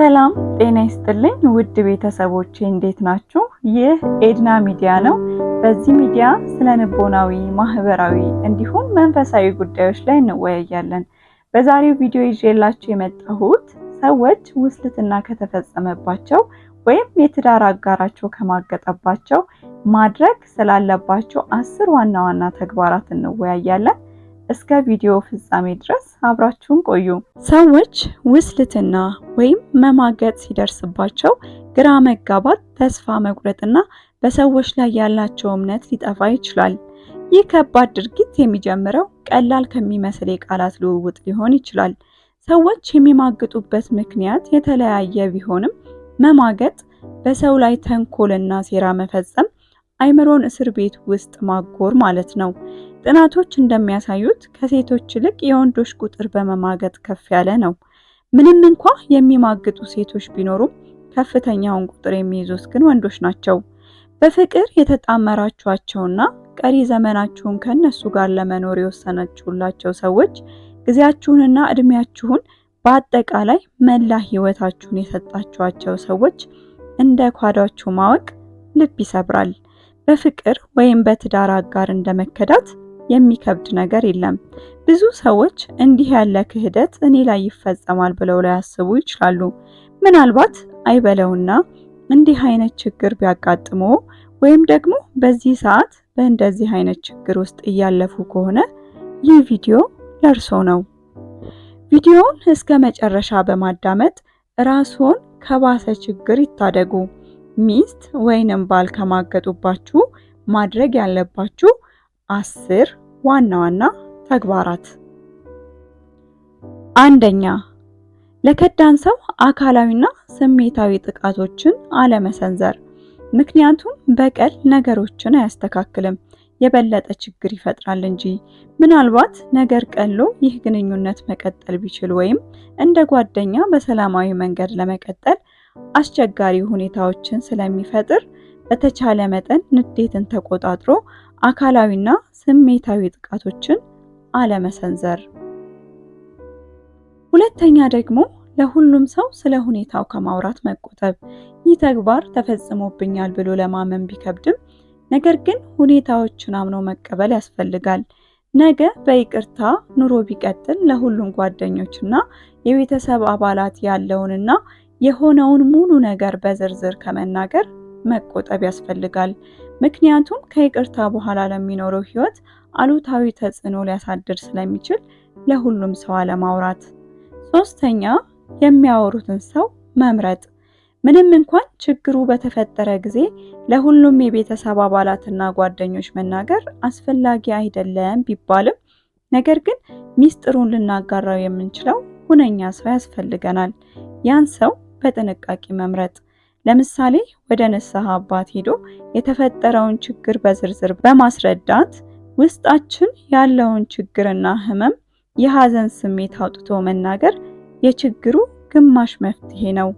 ሰላም ጤና ይስጥልኝ ውድ ቤተሰቦቼ እንዴት ናችሁ? ይህ ኤድና ሚዲያ ነው። በዚህ ሚዲያ ስለ ንቦናዊ፣ ማህበራዊ እንዲሁም መንፈሳዊ ጉዳዮች ላይ እንወያያለን። በዛሬው ቪዲዮ ይዤላችሁ የመጣሁት ሰዎች ውስልትና ከተፈጸመባቸው ወይም የትዳር አጋራቸው ከማገጠባቸው ማድረግ ስላለባቸው አስር ዋና ዋና ተግባራት እንወያያለን። እስከ ቪዲዮ ፍጻሜ ድረስ አብራችሁን ቆዩ። ሰዎች ውስልትና ወይም መማገጥ ሲደርስባቸው ግራ መጋባት፣ ተስፋ መቁረጥና በሰዎች ላይ ያላቸው እምነት ሊጠፋ ይችላል። ይህ ከባድ ድርጊት የሚጀምረው ቀላል ከሚመስል የቃላት ልውውጥ ሊሆን ይችላል። ሰዎች የሚማግጡበት ምክንያት የተለያየ ቢሆንም መማገጥ፣ በሰው ላይ ተንኮልና ሴራ መፈጸም፣ አይምሮን እስር ቤት ውስጥ ማጎር ማለት ነው። ጥናቶች እንደሚያሳዩት ከሴቶች ይልቅ የወንዶች ቁጥር በመማገጥ ከፍ ያለ ነው። ምንም እንኳ የሚማግጡ ሴቶች ቢኖሩም ከፍተኛውን ቁጥር የሚይዙት ግን ወንዶች ናቸው። በፍቅር የተጣመራችኋቸውና ቀሪ ዘመናችሁን ከእነሱ ጋር ለመኖር የወሰናችሁላቸው ሰዎች ጊዜያችሁንና እድሜያችሁን በአጠቃላይ መላ ህይወታችሁን የሰጣችኋቸው ሰዎች እንደ ኳዷችሁ ማወቅ ልብ ይሰብራል። በፍቅር ወይም በትዳር አጋር እንደመከዳት የሚከብድ ነገር የለም። ብዙ ሰዎች እንዲህ ያለ ክህደት እኔ ላይ ይፈጸማል ብለው ላያስቡ ይችላሉ። ምናልባት አይበለውና እንዲህ አይነት ችግር ቢያጋጥሞ ወይም ደግሞ በዚህ ሰዓት በእንደዚህ አይነት ችግር ውስጥ እያለፉ ከሆነ ይህ ቪዲዮ ለእርሶ ነው። ቪዲዮውን እስከ መጨረሻ በማዳመጥ ራስዎን ከባሰ ችግር ይታደጉ። ሚስት ወይንም ባል ከማገጡባችሁ ማድረግ ያለባችሁ አስር ዋና ዋና ተግባራት አንደኛ ለከዳን ሰው አካላዊና ስሜታዊ ጥቃቶችን አለመሰንዘር። ምክንያቱም በቀል ነገሮችን አያስተካክልም፣ የበለጠ ችግር ይፈጥራል እንጂ። ምናልባት ነገር ቀሎ ይህ ግንኙነት መቀጠል ቢችል ወይም እንደ ጓደኛ በሰላማዊ መንገድ ለመቀጠል አስቸጋሪ ሁኔታዎችን ስለሚፈጥር በተቻለ መጠን ንዴትን ተቆጣጥሮ አካላዊና ስሜታዊ ጥቃቶችን አለመሰንዘር። ሁለተኛ ደግሞ ለሁሉም ሰው ስለ ሁኔታው ከማውራት መቆጠብ። ይህ ተግባር ተፈጽሞብኛል ብሎ ለማመን ቢከብድም ነገር ግን ሁኔታዎችን አምኖ መቀበል ያስፈልጋል። ነገ በይቅርታ ኑሮ ቢቀጥል ለሁሉም ጓደኞችና የቤተሰብ አባላት ያለውንና የሆነውን ሙሉ ነገር በዝርዝር ከመናገር መቆጠብ ያስፈልጋል። ምክንያቱም ከይቅርታ በኋላ ለሚኖረው ህይወት አሉታዊ ተጽዕኖ ሊያሳድር ስለሚችል ለሁሉም ሰው አለማውራት። ሶስተኛ የሚያወሩትን ሰው መምረጥ። ምንም እንኳን ችግሩ በተፈጠረ ጊዜ ለሁሉም የቤተሰብ አባላትና ጓደኞች መናገር አስፈላጊ አይደለም ቢባልም ነገር ግን ሚስጥሩን ልናጋራው የምንችለው ሁነኛ ሰው ያስፈልገናል። ያን ሰው በጥንቃቄ መምረጥ ለምሳሌ ወደ ንስሐ አባት ሄዶ የተፈጠረውን ችግር በዝርዝር በማስረዳት ውስጣችን ያለውን ችግርና ህመም የሐዘን ስሜት አውጥቶ መናገር የችግሩ ግማሽ መፍትሄ ነው።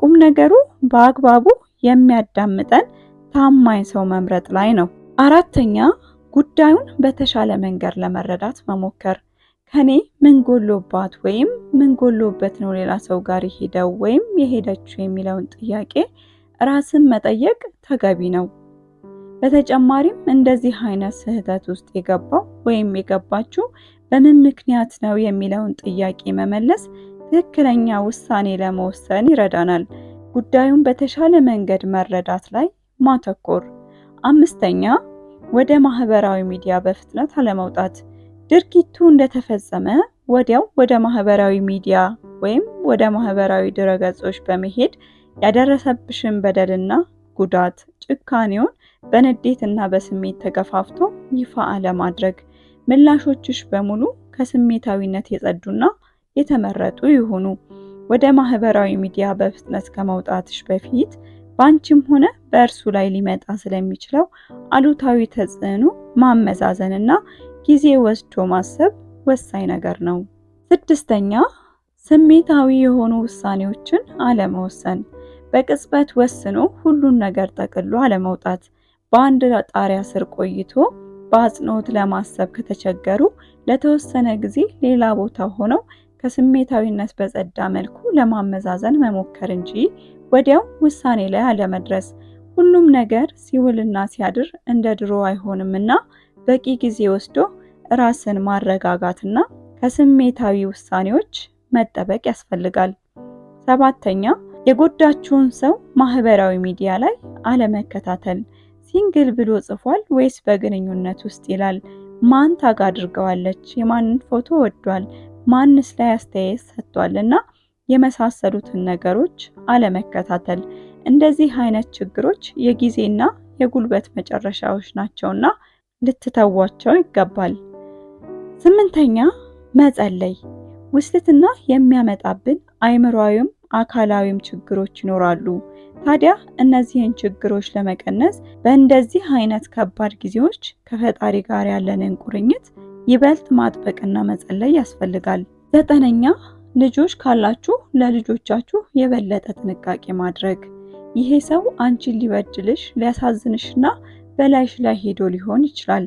ቁም ነገሩ በአግባቡ የሚያዳምጠን ታማኝ ሰው መምረጥ ላይ ነው። አራተኛ ጉዳዩን በተሻለ መንገድ ለመረዳት መሞከር ከኔ ምን ጎሎባት ወይም ምን ጎሎበት ነው ሌላ ሰው ጋር የሄደው ወይም የሄደችው የሚለውን ጥያቄ ራስን መጠየቅ ተገቢ ነው። በተጨማሪም እንደዚህ አይነት ስህተት ውስጥ የገባው ወይም የገባችው በምን ምክንያት ነው የሚለውን ጥያቄ መመለስ ትክክለኛ ውሳኔ ለመወሰን ይረዳናል። ጉዳዩን በተሻለ መንገድ መረዳት ላይ ማተኮር። አምስተኛ ወደ ማህበራዊ ሚዲያ በፍጥነት አለመውጣት። ድርጊቱ እንደተፈጸመ ወዲያው ወደ ማህበራዊ ሚዲያ ወይም ወደ ማህበራዊ ድረገጾች በመሄድ ያደረሰብሽን በደልና ጉዳት ጭካኔውን በንዴትና በስሜት ተገፋፍቶ ይፋ አለማድረግ። ምላሾችሽ በሙሉ ከስሜታዊነት የጸዱና የተመረጡ ይሁኑ። ወደ ማህበራዊ ሚዲያ በፍጥነት ከመውጣትሽ በፊት በአንቺም ሆነ በእርሱ ላይ ሊመጣ ስለሚችለው አሉታዊ ተጽዕኖ ማመዛዘንና ጊዜ ወስዶ ማሰብ ወሳኝ ነገር ነው። ስድስተኛ ስሜታዊ የሆኑ ውሳኔዎችን አለመወሰን፣ በቅጽበት ወስኖ ሁሉን ነገር ጠቅሎ አለመውጣት። በአንድ ጣሪያ ስር ቆይቶ በአጽንኦት ለማሰብ ከተቸገሩ ለተወሰነ ጊዜ ሌላ ቦታ ሆነው ከስሜታዊነት በጸዳ መልኩ ለማመዛዘን መሞከር እንጂ ወዲያው ውሳኔ ላይ አለመድረስ። ሁሉም ነገር ሲውልና ሲያድር እንደ ድሮ አይሆንምና በቂ ጊዜ ወስዶ ራስን ማረጋጋትና ከስሜታዊ ውሳኔዎች መጠበቅ ያስፈልጋል። ሰባተኛ የጎዳችውን ሰው ማህበራዊ ሚዲያ ላይ አለመከታተል። ሲንግል ብሎ ጽፏል ወይስ በግንኙነት ውስጥ ይላል? ማን ታግ አድርገዋለች? የማንን ፎቶ ወዷል? ማንስ ላይ አስተያየት ሰጥቷል? እና የመሳሰሉትን ነገሮች አለመከታተል። እንደዚህ አይነት ችግሮች የጊዜና የጉልበት መጨረሻዎች ናቸውና ልትተዋቸው ይገባል። ስምንተኛ መጸለይ። ውስልትና የሚያመጣብን አይምሯዊም አካላዊም ችግሮች ይኖራሉ። ታዲያ እነዚህን ችግሮች ለመቀነስ በእንደዚህ አይነት ከባድ ጊዜዎች ከፈጣሪ ጋር ያለንን ቁርኝት ይበልጥ ማጥበቅና መጸለይ ያስፈልጋል። ዘጠነኛ ልጆች ካላችሁ ለልጆቻችሁ የበለጠ ጥንቃቄ ማድረግ። ይሄ ሰው አንቺን ሊበድልሽ ሊያሳዝንሽና በላይሽ ላይ ሄዶ ሊሆን ይችላል።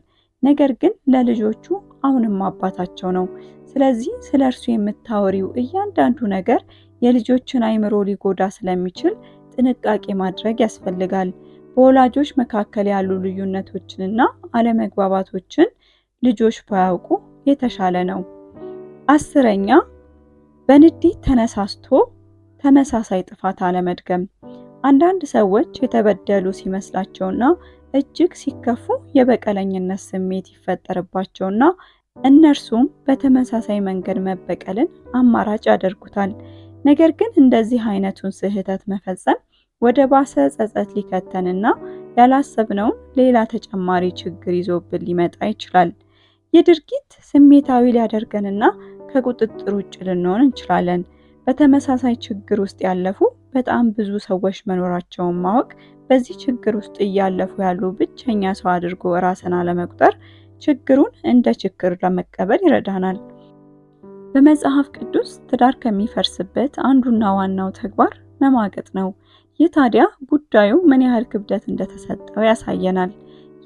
ነገር ግን ለልጆቹ አሁንም አባታቸው ነው። ስለዚህ ስለ እርሱ የምታወሪው እያንዳንዱ ነገር የልጆችን አይምሮ ሊጎዳ ስለሚችል ጥንቃቄ ማድረግ ያስፈልጋል። በወላጆች መካከል ያሉ ልዩነቶችንና አለመግባባቶችን ልጆች ባያውቁ የተሻለ ነው። አስረኛ በንዴት ተነሳስቶ ተመሳሳይ ጥፋት አለመድገም። አንዳንድ ሰዎች የተበደሉ ሲመስላቸውና እጅግ ሲከፉ የበቀለኝነት ስሜት ይፈጠርባቸውና እነርሱም በተመሳሳይ መንገድ መበቀልን አማራጭ ያደርጉታል። ነገር ግን እንደዚህ አይነቱን ስህተት መፈጸም ወደ ባሰ ጸጸት ሊከተንና ያላሰብነውን ሌላ ተጨማሪ ችግር ይዞብን ሊመጣ ይችላል። ይህ ድርጊት ስሜታዊ ሊያደርገንና ከቁጥጥር ውጭ ልንሆን እንችላለን። በተመሳሳይ ችግር ውስጥ ያለፉ በጣም ብዙ ሰዎች መኖራቸውን ማወቅ በዚህ ችግር ውስጥ እያለፉ ያሉ ብቸኛ ሰው አድርጎ ራስን አለመቁጠር ችግሩን እንደ ችግር ለመቀበል ይረዳናል። በመጽሐፍ ቅዱስ ትዳር ከሚፈርስበት አንዱና ዋናው ተግባር መማገጥ ነው። ይህ ታዲያ ጉዳዩ ምን ያህል ክብደት እንደተሰጠው ያሳየናል።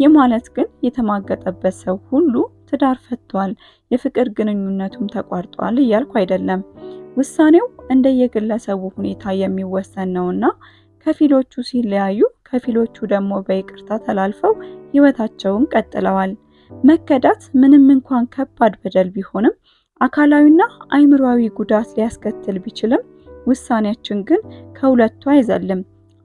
ይህ ማለት ግን የተማገጠበት ሰው ሁሉ ትዳር ፈቷል፣ የፍቅር ግንኙነቱም ተቋርጧል እያልኩ አይደለም። ውሳኔው እንደየግለሰቡ ሁኔታ የሚወሰን ነውና ከፊሎቹ ሲለያዩ፣ ከፊሎቹ ደግሞ በይቅርታ ተላልፈው ህይወታቸውን ቀጥለዋል። መከዳት ምንም እንኳን ከባድ በደል ቢሆንም አካላዊና አይምሯዊ ጉዳት ሊያስከትል ቢችልም ውሳኔያችን ግን ከሁለቱ አይዘልም።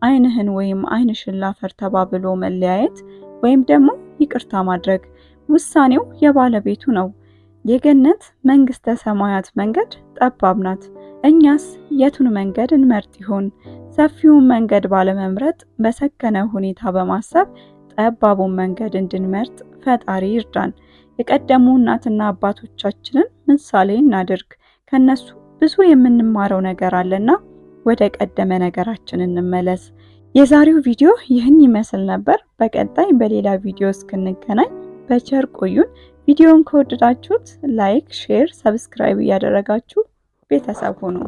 አይንህን ወይም አይንሽን ላፈር ተባብሎ መለያየት ወይም ደግሞ ይቅርታ ማድረግ ውሳኔው የባለቤቱ ነው። የገነት መንግስተ ሰማያት መንገድ ጠባብ ናት። እኛስ የቱን መንገድ እንመርጥ ይሆን? ሰፊውን መንገድ ባለመምረጥ በሰከነ ሁኔታ በማሰብ ጠባቡን መንገድ እንድንመርጥ ፈጣሪ ይርዳን። የቀደሙ እናትና አባቶቻችንን ምሳሌ እናድርግ። ከነሱ ብዙ የምንማረው ነገር አለና ወደ ቀደመ ነገራችን እንመለስ። የዛሬው ቪዲዮ ይህን ይመስል ነበር። በቀጣይ በሌላ ቪዲዮ እስክንገናኝ በቸር ቆዩን። ቪዲዮውን ከወደዳችሁት ላይክ፣ ሼር፣ ሰብስክራይብ እያደረጋችሁ ቤተሰብ ሁኑ።